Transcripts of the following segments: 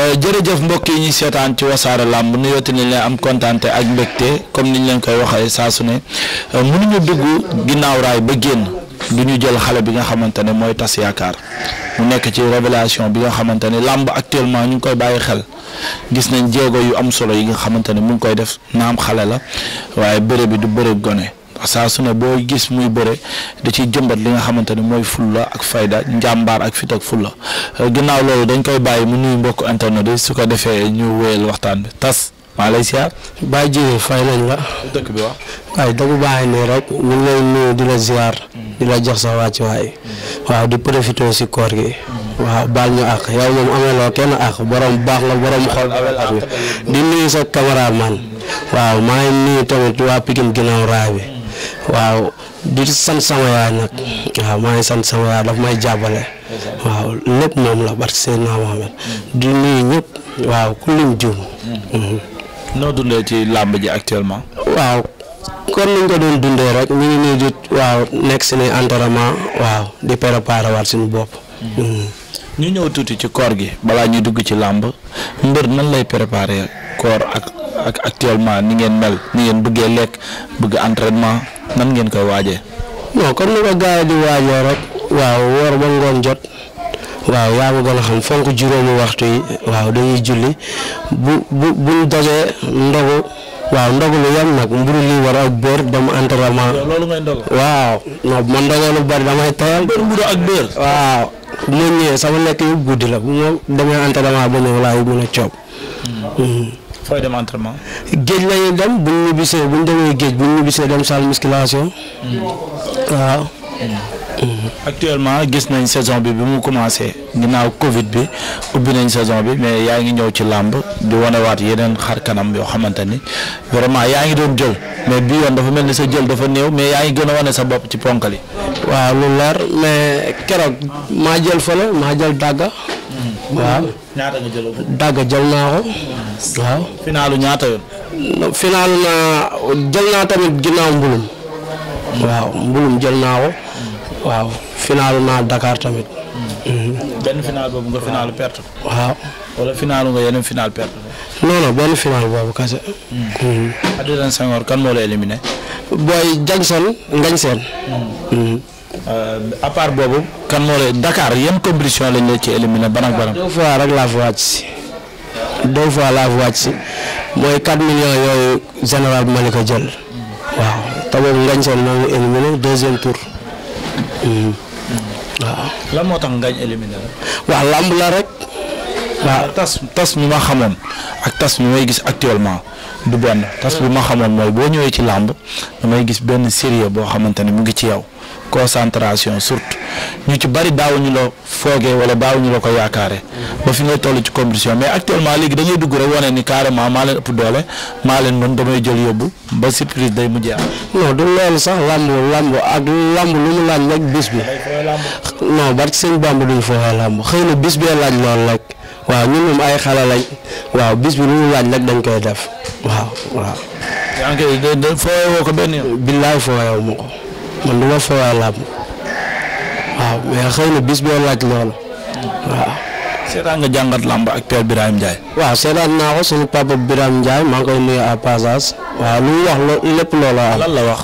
Euh, jërëjëf mbokk yi ñu seetaan ci wasaare làmb nuyooti nañ leen am kontaante ak mbégte comme niñ leen koy waxee saa su ne euh, mënuñu dugg ginnaaw raay ba génn du ñu jël xale bi nga xamante ne mooy tas yaakaar mu nekk ci révélation bi nga xamante ne làmb actuellement ñu ngi koy bàyyi xel gis nañ jéego yu am solo yi nga xamante ne mu ngi koy def naam xale la waaye bërëb bi du bëre gone. parce que saa su ne boo gis muy bëre di ci jëmbat li nga xamante ne mooy la ak fayda njàmbaar ak fit ak la euh, ginnaaw loolu dañ koy bàyyi mu nuyu mbokk internet yi su ko defee ñu wéyal waxtaan bi tas maa lay ziar. Baye Dieng fay nañ la. dëkk bi wax. waaye dëgg bu di la ziar. di la jox sa wàcc waay. waaw di profité si koor gi. waaw baal ñu àq yow moom ameloo kenn àq baax la borom xol di nuyu sa cameraman. waaw maa nuyu tamit waa Pikine ginnaaw raay bi. waaw di sant sama yaay nag waaw maa ngi sant sama yaay daf may jàppale waaw lépp moom la barke Seydina Mohamed di nuyu ñëpp waaw ku lim juum. Mhm. noo dundee ci làmb ji actuellement. waaw comme ni ñu dundee rek ñu ngi nii di waaw nekk si ni entraînement waaw di préparer waat suñu bopp. Mhm. ñu ñëw tuuti ci koor gi balaa ñuy dugg ci làmb mbër nan lay préparer koor ak. ak actuellement ni ngeen mel ni ngeen bëggee lekk bëgg entraînement nan ngeen koy waaje non comme ni ko gars yi di waajee rek waaw woor ba ngoon jot waaw yaa ma gën a xam fonk juróomi waxtu yi waaw bu bu buñ dajee ndogu. waaw ndogu lu yem nag mburu lii war ak beer dem entraînement. loolu ngay ndogu. waaw non man bari damay tayal. mburu ak beer. waaw bu ma sama lekk yëpp guddi la bu ma demee entraînement ba ñëw laay mën a coob. Hmm. Hmm. fooy dem entraînement. géej la ñuy dem bu ñu ñibbisee bu ñu demee géej bu ñu ñibbisee dem salle musculation. Mm. waaw. Mm. actuellement gis nañ saison bi bi mu commencé naaw Covid bi ubbi nañ saison bi mais yaa ngi ñëw ci du di waat yeneen xar kanam yoo xamante ni vraiment yaa ngi doon jël mais bii yoon dafa mel ni sa jël dafa néew mais yaa ngi gën a wane sa bopp ci ponkali waaw lu leer mais keroog maa jël fële maa jël dàgga. Mm. waaw dàgga jël naa waaw finaalu ñaata yoon. finaalu naa jël naa tamit ginnaaw mbulum. Mm. waaw mbulum jël naa mm. waaw finaalu naa Dakar tamit. Mm. Mm-hmm. benn final boobu nga final boobu kese. Mm-hmm. kan moo la éliminé. booy Jackson Ngañ Seen. boobu. kan moo la Dakar yan compétition lañ la ci éliminé ban ak ban. rek laa fi wàcc. deux fois laa fi mooy 4 millions yooyu général bi ma la ko jël waaw te boobu ngañ seen noonu éliminé deuxième tour hmm. waaw. lan moo tax ngañ éliminé la. waaw lamb la rek. waaw tas tas ma xamoon ak tas mi may gis actuellement du benn tas bu ma xamoon mooy boo ñëwee ci làmb damay gis benn sérieux boo xamante ne mu ngi ci yow concentration surtout ñu ci bari daawuñu la foogee wala daawuñu la ko yaakaare ba fi ngay toll ci compétition mais actuellement léegi dañuy dugg rek wane ni carrément maa leen ëpp doole maa leen mën damay jël yóbbu ba surprise day mujjee am. non du loolu sax lamb lamb ak lamb lu mu laaj rek bis bi non barke sëñ Bamba duñ foofa xëy na bis bee laaj loolu rek ay xale lañ waaw bis bi lu mu laaj rek dañ koy def waaw waaw. yaa ngi koy ko benn yoon. billaay fooyoo ma ko man du ma fooyoo lamb waaw mais xëy na bis bee laaj loolu. seetaan nga jàngat làmb ak Père Birahim Ndiaye. waaw seetaan naa ko suñu papa Birahim Ndiaye maa ngi koy nuyu à passage. waaw lu mu wax lépp loola lan la wax.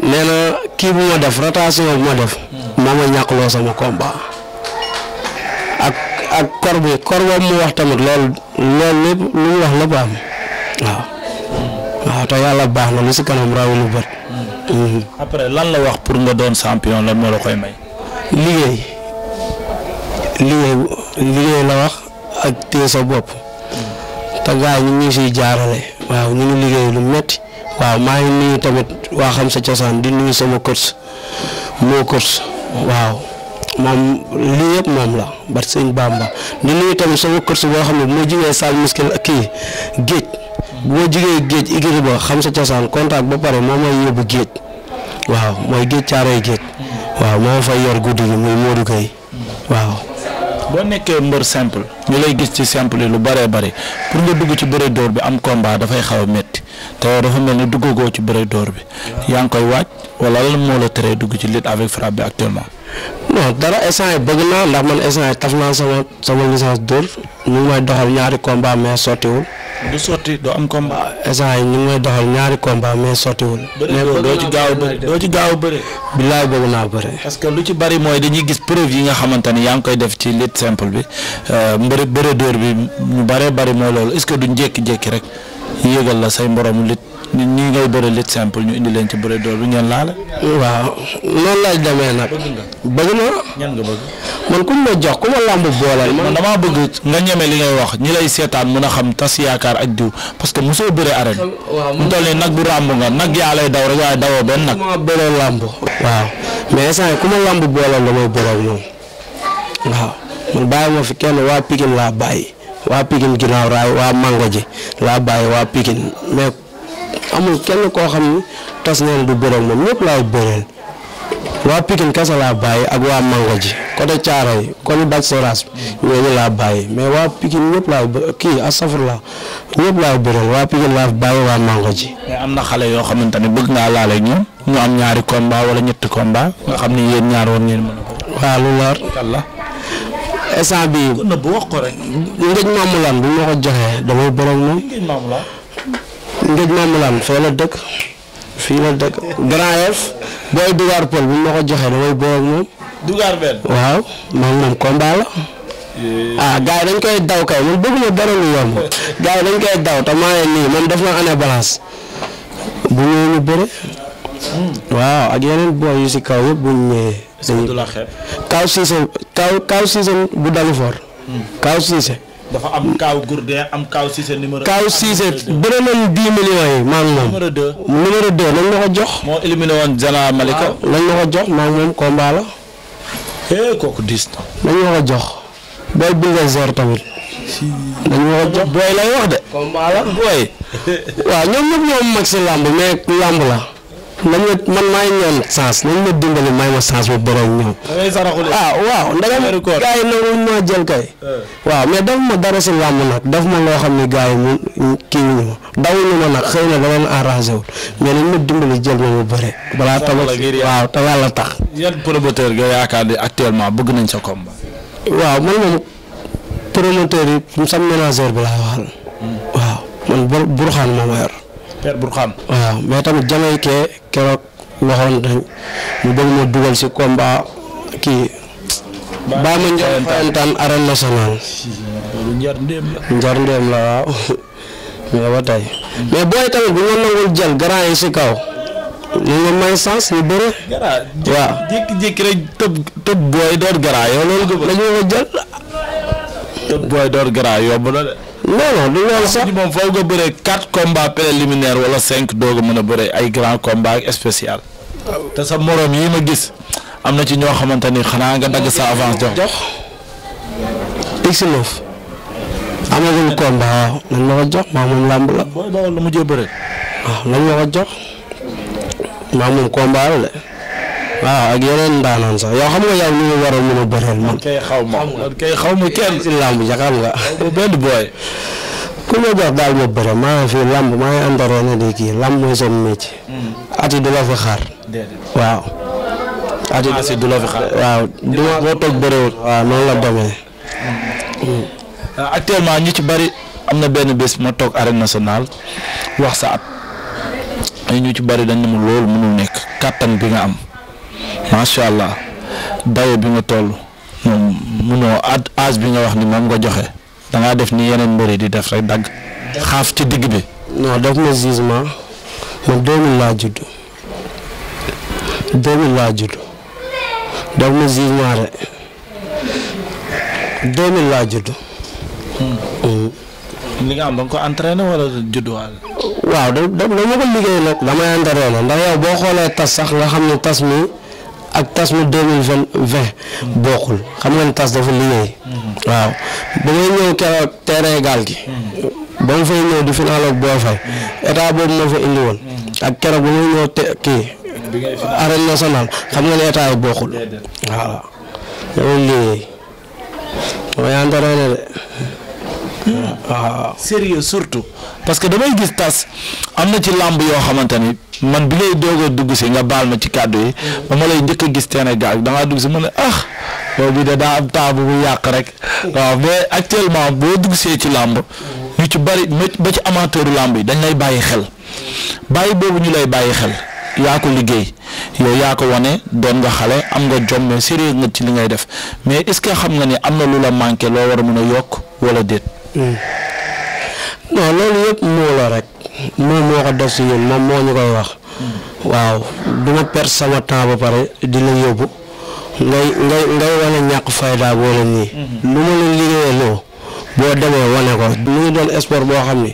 nee na kii bu def rotation bu ma def. maa ma ñàkkloo sama mu wax tamit loolu mu wax lépp am waaw. baax na lu si kanam rawu lu hmm. lan la wax pour nga doon champion lan moo liggéey la wax ak téye sa bopp te gars yi ñu ngi si jaarale waaw ñu ngi liggéey lu metti waaw maa ngi nuyu tamit waa xam sa cosaan di nuyu sama course moo course waaw moom lii yëpp moom la bat sëñ Bamba di nuyu tamit sama course boo xam ne moo jugee salle muscle ak kii géej boo jugee géej igri xam sa cosaan contact ba pare moo may yóbbu géej waaw mooy géej caaroy géej waaw moo fay yor guddi gi muy Modou Gueye waaw boo nekkee mbër simple ñu lay gis ci simple yi lu bëree bëri pour nga dugg ci bëre dóor bi am combat dafay xaw a métti te dafa mel ni duggagoo ci bëre dóor bi yaa ngi koy waaj wala la moo la teree dugg ci lutte avec frappe bi actuellement. non dara instant yi bëgg naa ndax man instant yi taf naa sama sama licence dóor ñu ngi may doxal ñaari combat mais sottiwul. du sotti doo am combat. Ah, instant yi ñu ngi may doxal ñaari combat mais sottiwul. bëri doo ci gaaw a doo ci gaaw a bëri. billaay bëgg naa bëri. parce que lu ci bari mooy dañuy gis preuve yi nga xamante ni yaa ngi koy def ci lutte simple bi euh, mbëri bëre dóor bi ñu baree bari mooy loolu est-ce que duñ jékki-jékki rek yéegal la say mborom lit nit ñi ngay bëre lit simple ñu indi leen ci bëre door bi ngeen laale. waaw noonu laaj demee nag. bëgg nga ma jox ku ma làmb booleel. man damaa bëgg nga ñeme li ngay wax ñi lay seetaan mën a xam tas yaakaar ak diw parce que mosoo bëre arène. waaw mu toll nii nag bu ràmb nga nag yaa lay daw rek waaye dawoo benn nag. ma bëre waaw mais instant yii ku ma làmb booleel damay bëre moom waaw man bàyyi ma fi kenn waa Pikine laa bàyyi waa Pikine ginnaaw raay waa Mango ji laa bàyyi waa Pikine mais. amul kenn koo xam ni tas neen du bëreel moom ñëpp laay bëreel waa Pikine kese laa bàyyi ak waa Mango ji côté Thiaroye côté Bac Seras ñooñu laa bàyyi mais waa Pikine ñëpp laa kii astafurlah ñëpp laa bëreel waa Pikine laa ji. mais am na xale yoo xamante ne bëgg naa laale ñoom ñu am ñaari combat wala ñetti combat nga xam ni yéen ñaar woon ngeen mën a ko. waaw lu leer. wallaahi instant maamulaan bu ma ko joxee damay boroom moom. ngëj Ndéj Maam Lam fee la dëkk fii la dëkk Grand Yoff booy Dugar Pël bu ma ko joxee damay boo moom. waaw moom moom combat la. Eh. Ah, dañ koy daw kay man bëgguma dara lu yomb gars yi dañ bu ñëwee ñu hmm. waaw ak yeneen booy yu si kaw yëpp bu ñu ñëwee. kaw Cissé kaw kaw Cissé bu Dalifor. Hmm. kaw Cissé. dafa am Kaaw Gourdin am Kaaw Cissé numéro. Kaaw Cissé bëri nañ 10 millions yi maa moom. numéro 2 nañ ma ko jox. moo éliminé woon Zana Malika. waaw ah, nañ ma ko jox maa ngi moom combat la. eh kooku diis nañ ma ko jox. booy lay wax de. combat booy. waaw ñoom ñëpp ñoom mag si làmb mais làmb la. nañ ma man maay ñaan chance nañ ma dimbali may ma chance bu borom ñëw. ah waaw ndagam gars yi nanguñ maa jël kay. Eh. waaw mais daf ma dara si làmb nag daf ma loo xam ne gars yi mu kii a ma dawuñu ma nag xëy na dama leen arrangé wul mais nañ ma tax. yan promoteur nga yaakaar ne actuellement bëgg nañ sa combat. waaw man moom promoteur bi laa waxal. Hmm. man bur burxaan moo ma yor. Père Bourkhane. waaw mais tamit Jamaïcain keroog waxoon nañ ñu bëgg ma dugal si combat kii. Baye Mandione Fayantaan arène nationale. njar ndéem la njar waaw. mais ba tey mais booy tamit bu ñu nangul jël grand si kaw. ñu ngi may sens yu bëre. tëb tëb booy door garaa yow loolu. la ñu ngi jël. non du loolu sax moom foog nga bëree quatre combats préliminaires wala cinq doog mën a bëree ay grand combat ak te sa morom yi ma gis am na ci ñoo xamante ni xanaa nga dagg sa avance jox jox. X9. amagul combat waaw nañ ma jox maa moom làmb la. booy ah, jox maa moom la waaw ak yeneen ndaanaan sax yow xam nga yow ni mu war a mën a bëreel man. kay xaw ma xaw ma kenn si làmb ja xam nga. benn booy. ku ma jox daal ma bëre maa ngi fi làmb maa ngi àndaroon ne de kii làmb mooy seen métier. Hmm. ati hmm. ah, actuellement ñu ci bari am na benn bés ma toog arène nationale wax sa at. ñu ci bari dañ ne ma loolu mënul nekk kàttan bi nga am. macha allah dayo bi nga toll moom munoo at âge bi nga wax ni moom nga joxe dangaa def ni yeneen mbër yi di def rek dagg xaaf ci digg bi. non def na jugement man 2000 laa judd 2000 laa judd def hmm. Hmm. nga am da nga ko entraîné wala judduwaale. waaw da ko liggéey nag. damay entraîné ndax yow boo xoolee tas sax nga xam ne tas mi. ak tas mu deux mille vingt bokkul xam nga ne tas dafa liggéey. waaw ba may ñëw keroog terrain gaal gi. ba mu fay ñëw di final boo fay état boobu moo fa indi ak keroog ba may ñëw te kii. arène xam nga ne état bokkul. waaw loolu liggéey. mooy entraîné de. waaw ah. sérieux surtout parce que damay gis tas am na ci làmb yoo xamante ni man bi ngay doog a dugg si nga baal ma ci kàddu yi ba ma lay njëkk a gis Sénégal da ngaa dugg si ma ne ah boobu de daa am temps bu yàq rek waaw actuellement boo dugg ci làmb ñu ci bari ba ci amateur làmb yi dañ lay bàyyi xel bàyyi boobu ñu lay bàyyi xel yaa ko liggéey yow yaa ko wane doon nga xale am nga jom mais sérieux nga ci li ngay def mais est-ce que xam nga ni am na lu la manqué loo war a mën a yokk wala déet. non loolu yëpp moo la rek moom moo ko def si yéen moo ñu koy wax waaw du ma perdre sama temps pare di la yóbbu ngay ngay ngay wane ñàkk fayda boole nii mm-hmm. lu ma la liggéeyee loo boo demee wane ko mu ngi doon sport boo xam ni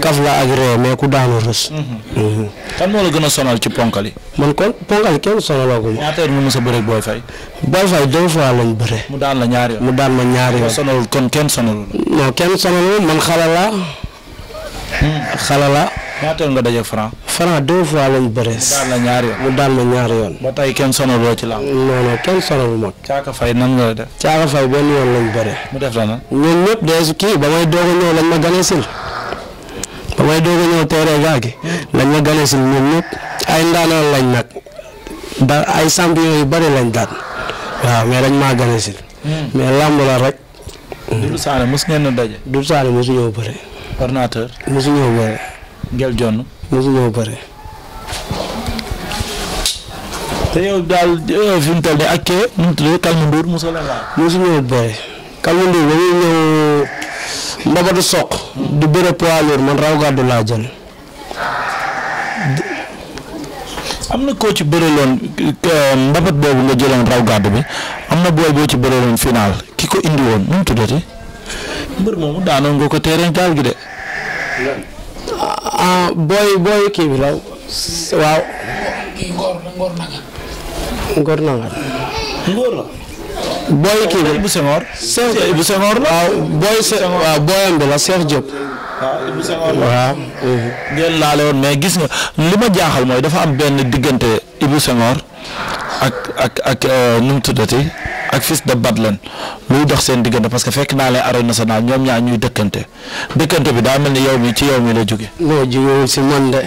kaf laa ak ree mais ku daanu rës. Mhm. la gën a sonal ci ponkal yi. man kon ponkal kenn sonaloo ko. mu mës a bëre Boy Faye. Boy Faye deux fois lañ bëre. mu daan la ñaari yoon mu daan ma ñaari yoon. sonalul kon kenn sonalul. non kenn sonalul man xale laa. Hmm. xale laa. ñaata nga daje franc. Franc deux fois lañ bëre. mu daan la ñaari yoon mu daan la ñaari yoon. ba tey kenn sonaloo ci làmb. non non kenn sonalu ma. Caaka Faye nan nga def. Caaka Faye benn yoon lañ bëre. mu def la kii ba may doog a ñëw lañ ma gane sil ba may doog a ñëw lañ ma gane sil yu bëri lañ daan waaw mais dañ maa gane sil hmm. mais làmb la rek. Doudou Sané mos ngeen na mosu ñëw bëre. ordinateur Jonn. mosu te yow daal fi mu toll nii ak kee nu mu Kalma Ndour mosu la laal. mosu Kalma Ndour ba muy ñëw soq. du bëre poids lourd raw gàddu laa jël. am na koo ci bëreeloon mbabat boobu nga jëloon raw gàddu bi am na booy boo ci bëreeloon final ki ko indi woon nu tuddati mbër moomu daanoon nga ko terrain gaal gi de. Ah, booy booy kii bi la waaw. kii Ngor Ngor Nangar. booy booyam bi la Cheikh Diop. waaw woon mais gis nga li ma jaaxal mooy dafa am benn diggante Ibu Senghor ak ak ak euh, nu tuddati. ak fils de Badlen luy dox seen diggante parce que fekk naa leen arène nationale ñoom ñaar ñuy dëkkante dëkkante bi daa mel ni yow mi ci yow mi la jóge non si man de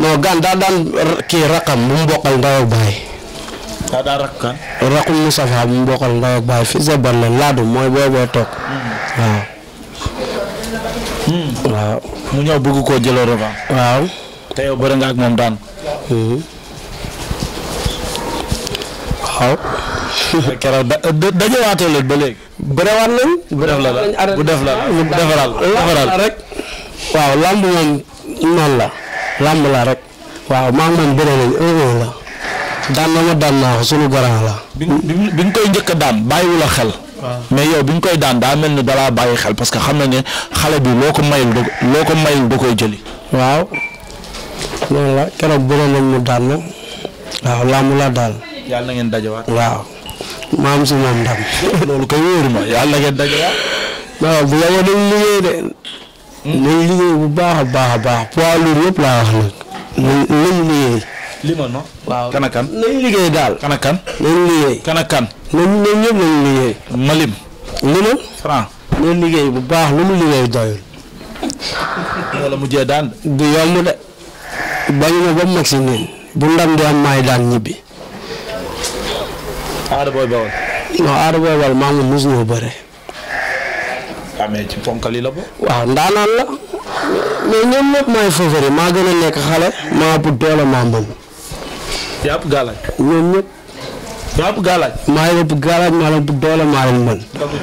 non gan daa daan kii raqam mu bokkal ndaw ak baay. daa daan raq kan. raqum Moustapha bu mu bokkal ndaw ak baay fils de Badlen laadu mooy booy toog hmm. Hmm. waaw. mu ñëw bëgg koo jëloo revanche. waaw. te yow bëri nga ak moom daan. Hmm. waaw. keroog da dajewaatoo leen ba léegi. bëriwaat nañ. bu def la la bu def la ñu defaral defaral rek. waaw lamb moom noonu la. lamb la rek. waaw maa ngi man bëri nañ la. daan na ma daan naa ko sunu garaan la. bi bi ñu koy njëkk a daan bàyyiwul a xel. mais yow bi ñu koy daan daa mel ni dalaa bàyyi xel parce que xam na ne xale bi loo ko mayul da loo ko mayul da koy jëli. waaw. noonu la keroog bëri nañ mu daan na. waaw lamb la daal. yàlla na ngeen dajewaat waaw. ma am si moom ndam. loolu kay ma yàlla ngeen daje bu dañ liggéey de. Hmm? nañ baax a baax a baax poids lourd yëpp nañ liggéey. li nañ liggéey daal. kan ak nañ liggéey. Malim. li ma. nañ liggéey bu baax lu mu liggéey doyul. wala mujjee daan. du yomb de. bañu ma ba mu mag si bu ndam di am maay daan ñibbi. Aada Boy Bawol. non maa ngi mos ñoo bëre. Ah, ci ponkal yi la ba. waaw ndaanaan la mais ñoom ñëpp maay favori maa gën a nekk xale. maa ëpp doole maa mën. yaa ëpp gàllaaj. ñoom ñëpp. ndogu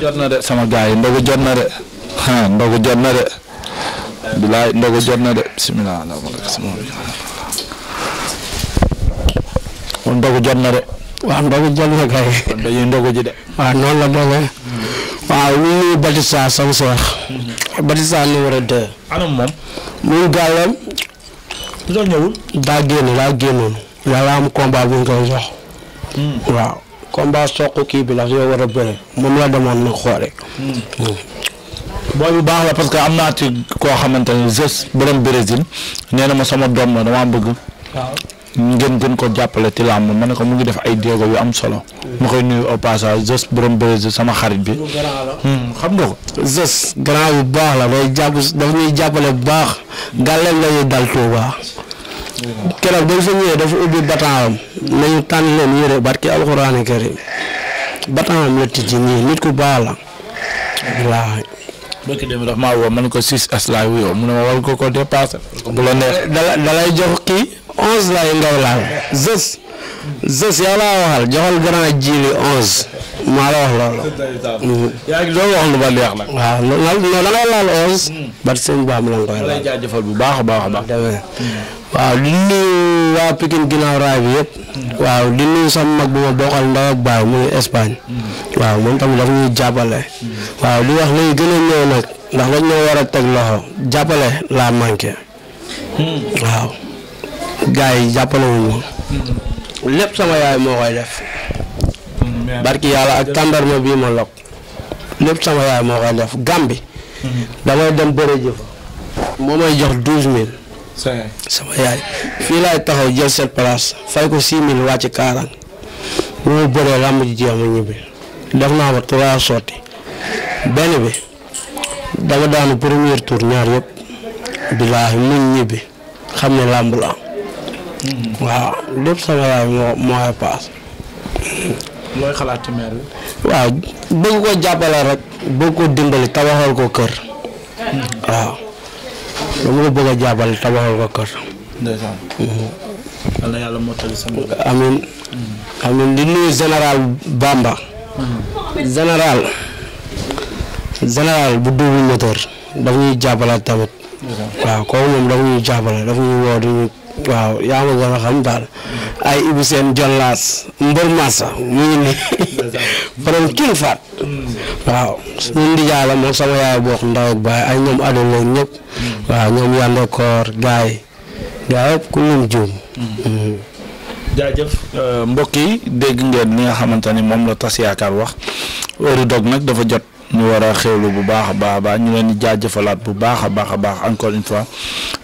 jot na de sama ndogu jot na de. ah ndogu jot na de. bilaay ndogu jot na de bisimilah. ndogu jot na de. waaw ndogu jënd kay. kon dañuy ndogu ji de. waaw noonu la doge. waaw ñu ngi Batista sama mhm. seex. Batista numéro 2. anam moom. muy gàllam. lu doon ñëwul. daa génn daa génnoon. yàlla am combat bu ñu koy jox. Hmm. waaw combat soq kii bi la yow war a bëre moom la demoon na xoole. Hmm. Hmm. booy bu baax la parce que am naa ci koo xamante ne Zeus borom Brésil nee na ma sama doom la damaa bëgg. waaw. ngeen gën gën ko jàppale ci làmb man ne ko mu ngi def ay déego yu am solo ma koy nuyu au passage Zos borom Brésil sama xarit bi hmm, xam nga ko Zos grand bu baax la day jàpp daf ñuy jàppale bu baax gàlleen la ñuy dal Tuuba keroog bañ fa ñëwee dafa ubbi bataawam nañu tànn leen yére barki alxuraani karim bataawam la tijji nii nit ku baax la wallaahi bëkk dem dafa woo man ko six as laay wuyoo mu ne ma war ko ko dépassé. bu dalay jox kii onze laay ngaw laal zës zës yow laa waxal joxal grand jiili onze maa la wax loolu. Mhm. yaa ngi doon laal onze. Mm. bat sëñ baam la nga laal. bu baax a baax a baax. waaw di nuyu waa Pikine ginnaaw raay bi yëpp waaw di nuyu sama mag bu ma bokkal ndaw ak baay muy Espagne waaw moom tam dafa ñuy jàppale waaw li wax lay gën a ñëw nag ndax dañ ñoo war a teg loxo jàppale laa manqué waaw gars yi jàppale wuñu lépp sama yaay moo koy def barki yàlla ak sama yaay moo koy def Gàmbi mm-hmm. damay dem bëre ji fa jox douze mil sama yaay fii laay taxaw jël seen place fay ko six mille wàcc kaaraan bu mu bëree làmb ji jeex ñibbi def naa ba trois sotti benn bi dama daanu premier tour ñaar yëpp billaahi mun ñibbi xam ne làmb la waaw lépp sama yaay moo moo paas waaw bëgg ko jàppale rek bëgg ko dimbali tabaxal ko kër hmm. waaw dama ko a jàppale tabaxal ko kër. ndeysaan. Mhm. yàlla yàlla mottali sama. Mhm. Bamba. Mhm. général général bu double moteur daf ñuy jàppale tamit. waaw kooku moom daf ñuy jàppale daf ñuy woo di ñu yaa ma gën a xam ay Ibou Jollaas Mbër Massa mu ngi nii borom king faat waaw ñun di jaala moom sama yaay bokk ndaw ay ñoom adol ñëpp. waaw ñoom yàlla koor gaay gaay yëpp ku ñu juum. Hmm. jaajëf euh, mbokk yi dégg ngeen li nga xamante ni moom la tas yaakaar wax heure dog nag dafa jot ñu war a xewlu bu baax a baax a baax ñu leen jaa jëfalaat bu baax a baax a baax encore une fois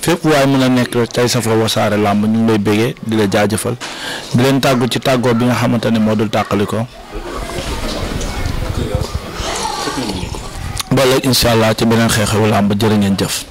fépp waaye mën a nekk rek tey safoo wasaare làmb ñu ngi lay bégee di la jaajëfal di leen tàggu ci tàggoo bi nga xamante ni moo dul tàqali ko ba léegi incha allah ci beneen xeexewu làmb jërë ngeen jëf.